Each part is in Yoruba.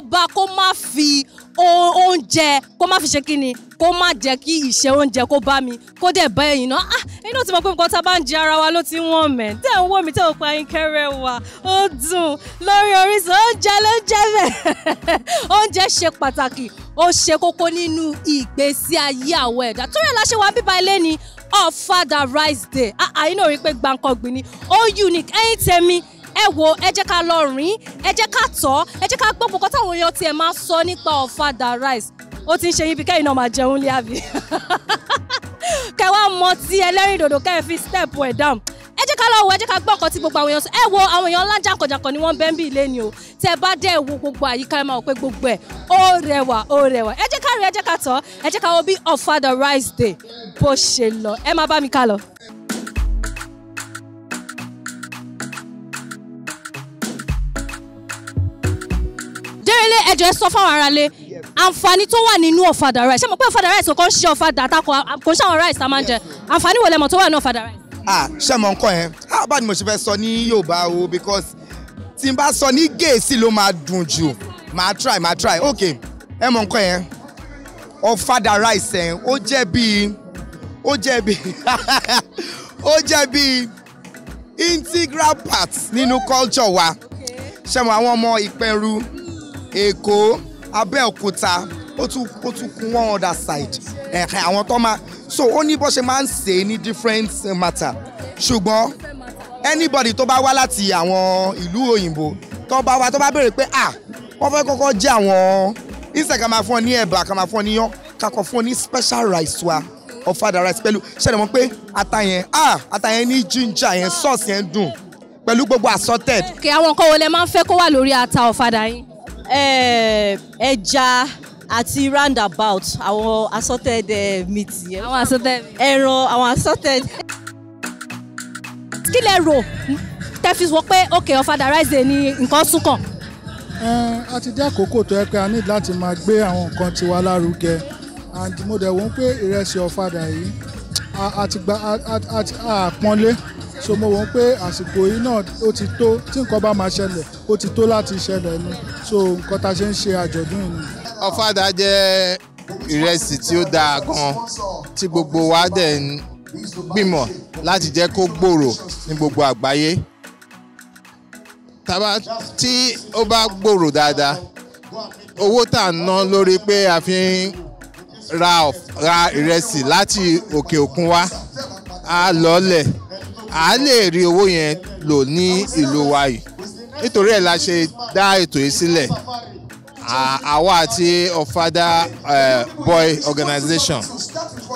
ọba kó má fi oúnjẹ kó má fi ṣe kí ni kó má jẹ́ kí ìṣe oúnjẹ kó bá mi kó dẹ̀ bá ẹ̀yìn náà ah ẹ̀yin náà ti mọ̀ pé nǹkan tá a bá ń jẹ ara wa ló ti ń wọ̀n mẹ́ tẹ̀ ń wò mí tẹ̀ ò pa yín kẹ́rẹ́ wa ó dùn lórí Orísun oúnjẹ ló ń jẹ́ bẹ́ẹ̀ oúnjẹ ṣe pàtàkì ó ṣe kókó nínú ìgbésí ayé àwọn ẹ̀dá torí ẹ̀ la ṣe wá bíbá ilé ni Ọ̀fadà rice day àyínà ah, ah, rí i pé gbàǹkan gbìn ni ó unique ẹ̀yin tèmi ẹ wo ẹ jẹ́ ká lọ rìn ẹ jẹ́ ká tọ́ ẹ jẹ́ ká gbọ́ pọ̀ kọ́tà èèyàn tiẹ̀ máa sọ nípa ọ̀fadà rice ó ti ń ṣe yín bí kẹ́yìn náà máa jẹun lé àbí kẹ wá mọ tí ẹlẹ́rìn dòdò kẹ́ ẹ fi step ẹ̀ down ẹ jẹ́ ká lọ wo ẹ jẹ́ ká gbọ́ ọkọ̀ tí gbogbo àwọn èèyàn ẹ wo àwọn èèyàn ńlá jàǹkànjàǹkàn ni wọ́n bẹ́ ń bí ilé ni o tí ẹ bá dẹ́ wo gbogbo àyíká ẹ máa wọ pé gbogbo ẹ̀ ó rẹwà ó rẹwà ẹ jẹ́ ká rí ẹ jẹ́ ká tọ́ ẹ jẹ́ ká wo bí ọ̀fadà rice day bó ṣe lọ ẹ má bá mi ká lọ. aráalé ẹ sọ fáwọn aráalé àǹfààní tó wà nínú ọ̀fadà rice ṣé mo pé ọ̀fadà rice kò kàn ṣe ọ̀fadà àtakò kò ṣe àwọn rice tá a máa ń jẹ àǹfààní wo lẹ́mọ̀ tó wà nínú ọ̀fadà rice. ah ṣé mo ń yẹn how bad mo ṣe fẹ́ sọ ní Yorùbá o because tí n bá sọ ní Gẹ̀ẹ́sì ló máa dùn jù máa try máa try ok ẹ mọ̀ nǹkan yẹn ọ̀fadà rice yẹn ó jẹ́ bíi ó jẹ́ bíi ó jẹ́ bíi integral part nínú culture wa ṣé mo àwọn ọmọ Ìpẹ́rù èkó abẹ́òkúta ó tún ó tún kún one other side ẹ̀ka àwọn tó máa so ó ní bó ṣe máa ń ṣe ní different matter ṣùgbọ́n anybody tó bá wá láti àwọn ìlú òyìnbó tó bá wá tó bá béèrè pé ah wọ́n fẹ́ kọ́kọ́ jẹ́ àwọn ìṣẹ̀ ká máa fún ọ ní ẹ̀bà ká máa fún ọ níyán kakọ̀ fún ọ ní special rice wa ọ̀fadà rice pẹ̀lú ṣẹlẹ̀ mọ́ pé ata yẹn ah ata yẹn ní ginger yẹn sauce yẹn dùn pẹ̀lú gbogbo assorted. kí àwọn nǹkan wo lẹ máa ń fẹ́ kó wà lórí ata ọ̀fadà yín. Eh, ẹja àti roundabout àwọn assorted meat yẹn. àwọn assorted meat. ẹran àwọn assorted. kí lẹ rò tẹ́fí wọ pé òkè ọ̀fadà rice day ni nǹkan sún kàn. Eh, a ti dé àkókò tó yẹ pé a ní láti máa gbé àwọn nǹkan tiwa lárugẹ and mo dẹ̀ wọ́n pé ìrẹsì ọ̀fadà yìí àpọ́nlé so mo wọ́n pé àsìkò yìí náà ó ti tó tí nǹkan bá máa ṣẹlẹ̀ ó ti tó láti ṣẹlẹ̀ ni so nǹkan tá a ṣe ń ṣe àjọ̀dún yìí. ọ̀fadà jẹ́ ìrẹsì tí ó dáa gan-an tí gbogbo wa dẹ̀ ń gbìmọ̀ láti jẹ́ kó gbòòrò ní gbogbo àgbáyé tàbá tí ó bá gbòòrò dáadáa owó tá ń ná lórí pé a fi ń ra ìrẹsì láti òkè òkun wá á lọ́ọ́lẹ̀ à á lè rí owó yẹn lò ní ìlú wa yìí nítorí ẹ̀ la ṣe dá ètò yìí sílẹ̀ àwa àti ọ̀fadà boy organization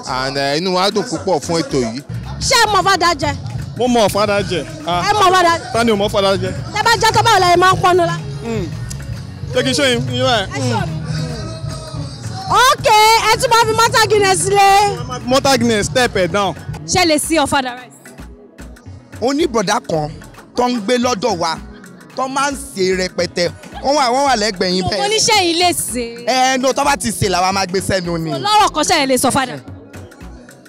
and inú wa dùn púpọ̀ fún ètò yìí. ṣé ẹ mọ ọ̀fadà jẹ. mo mọ ọ̀fadà jẹ. ẹ mọ ọ̀fadà jẹ. ta ni o mọ ọ̀fadà jẹ. tẹ bá jẹ́ tọ́ba ọ̀la ẹ̀ máa ń pọnú la. ṣé hmm. kí n ṣe yín yín báyìí. ok ẹ tún bá fi mọ́tà guinness lé. mọ́tà guinness step ẹ̀ down. ṣe lè sí ọ̀fadà rice oníbọ̀dá kan tó ń gbé lọ́dọ̀ wa tó máa ń se rẹpẹtẹ wọ́n wà wọ́n wà lẹ́gbẹ̀ẹ́ yín bẹ́ẹ̀. mo níṣẹ́ yìí lè ṣe. ẹ no tó bá ti ṣe làwa máa gbé sẹ́nu ni. lọ́rọ̀ kan ṣẹ̀yìn lè sọ fada.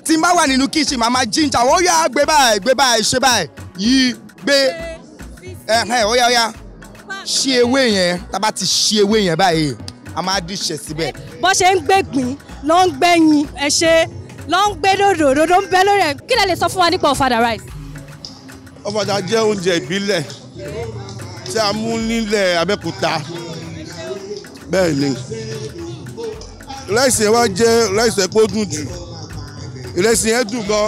tí n bá wà nínú kíṣì màá máa jíjà ó yá gbé báyìí gbé báyìí ṣe báyìí yìí gbé ẹ ẹ ó yá ó yá ṣí ewé yẹn tá a bá ti ṣí ewé yẹn báyìí a máa díṣẹ́ síbẹ̀. bó ṣe ń gbẹ̀gbìn ló ń gbẹ̀yìn ẹ ṣe ló ń gbẹ́ dòdò dòdò ń bẹ lórí ẹ̀ kí lè sọ fún wa nípa ọ̀fadà rice ọ̀fadà jẹ́ oúnjẹ ìbílẹ̀ tí a mú nílẹ̀ Abẹ́òkúta bẹ́ẹ̀ ni ìrẹsì wa jẹ́ ìrẹsì ẹ̀kọ́ dùn jù ìrẹsì yẹn dùn gan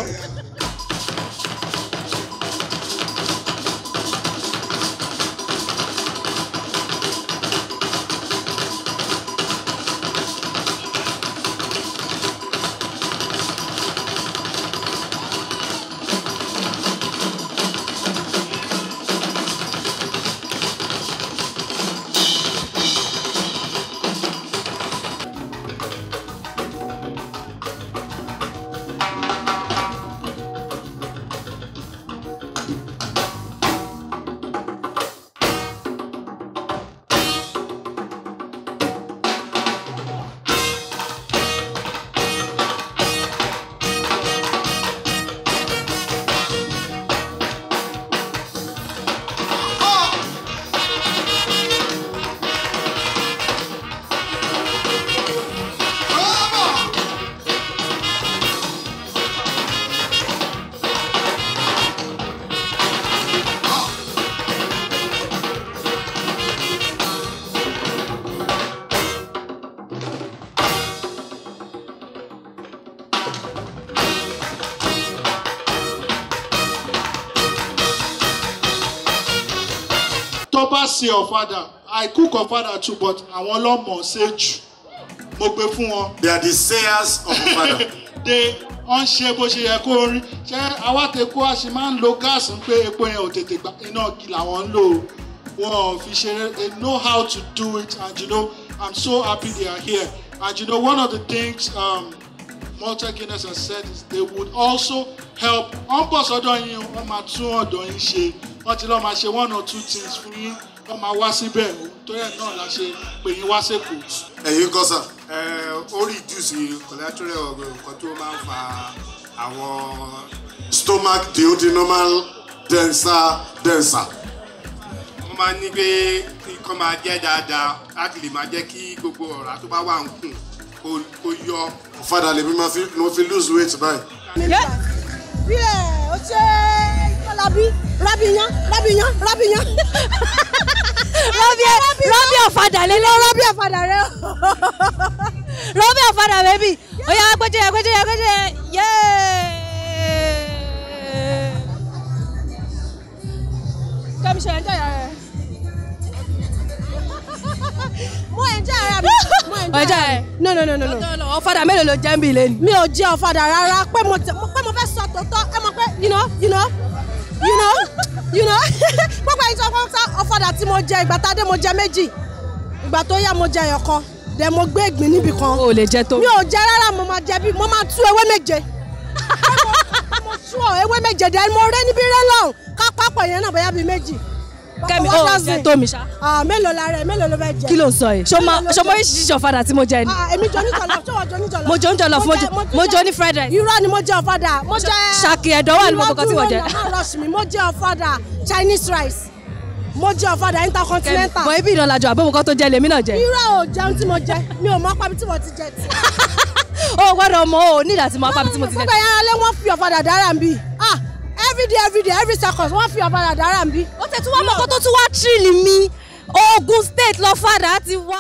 tó bá ṣe ọ̀fadà I cook ọ̀fadà but àwọn lọ́mọ̀ ṣe jù mo gbé fún wọn. They are the sayers of ọ̀fadà. they wọ́n ṣe bó ṣe yẹ kó rí ṣé awátẹ̀kọ́ a máa ń lo gáàsì pé epo yẹn ò tètè gba iná kí làwọn ń lò wọn fi ṣeré they know how to do it and you know I'm so happy they are here and you know one of the things um, Malta Guinness has said is they would also help ọ̀nbọ̀sọ̀dọ̀ yín wọ́n máa tún ọ̀dọ̀ yín ṣe wọ́n ti lọ́ọ́ máa ṣe one or two things fún yín wọ́n máa wá síbẹ̀ torí ẹ̀ náà la ṣe pè yín wá sẹ́kù. ẹ̀yin kọ́ sà. ó reduce collateral nǹkan tó máa ń fa àwọn. stomach duodenomal denser denser. wọ́n máa ní pé kíkọ́ máa jẹ́ dáadáa láti lè máa jẹ́ kí gbogbo ọ̀rá tó bá wà ń kùn kó yọ. fada lèmi máa fi lose weight báyìí. Yeah. o ṣe ìkọlà bíi rọ́bìyàn rọ́bìyàn rọ́bìyàn rọ́bì ọ̀fadà lélẹ́ rọ́bì ọ̀fadà rẹ rọ́bì ọ̀fadà bẹ́bí ó yá péjẹ péjẹ péjẹ yéé. kẹ́mi ṣe ẹ̀jẹ̀ rẹ. mo ẹ̀jẹ̀ rẹ mi mo ẹ̀jẹ̀ rẹ. no no no no. ọ̀fadà mélòó ló jẹ́ ń bì lẹ́nu. mi ò jẹ́ ọ̀fadà rárá pé mo fẹ́ sọ tòótọ́ ẹ mọ̀ pé you know you know know you know gbogbo ẹ̀yin tó kọ́ ọ̀fadà tí mo jẹ ìgbà tá a dé mo jẹ méjì ìgbà tó yá mo jẹ ẹ̀yọ̀ kan dẹ̀ mo gbé ìgbín níbì kan o lè jẹ tó mi ò jẹ rárá mo máa jẹ bí mo máa tú ewé méje mo tú ewé méje dẹ̀ mo rẹ́ níbi rẹ́ lọ́hùn ká pápọ̀ yẹn náà bóyá bíi méjì kẹ́mi ó ṣe tó mi ṣá. Ah, mélòó la rẹ mélòó ló fẹ́ jẹ. kí ló ń sọ yìí ṣọmọ oríṣiríṣi ọ̀fadà tí mo jẹ ni. Ah, èmi jọ ní jọlọ ṣọwọ́ jọ ní jọlọ. mo jọ ní jọlọ mo jọ ní fried rice. irọ́ ni mo jẹ ọ̀fadà mo jẹ. ṣàkì ẹ̀dọ́ wà lóko kan tí mo jẹ. mo jẹ ọ̀fadà Chinese rice mo jẹ ọ̀fadà intercontinental. bọ̀ ibi ìrànlájọ àbẹ̀wò kan tó jẹ lèmi náà jẹ. irọ́ ò jẹun tí mo jẹ mi ò mọ pàbí tí mo ti jẹ tí. o gbọ́dọ̀ mọ o nígbà tí mo pàbí tí mo ti jẹ. gbogbo ẹ̀yà alẹ́ wọ́n fi ọ̀fadà dára ń bì. ah every day every day every second wọ́n fi ọ̀fadà dárà ń bí. ó tẹ̀ tún wá mọ́kó tó tún wá tírìlì mi Ogun State lọ́fadà ti wá.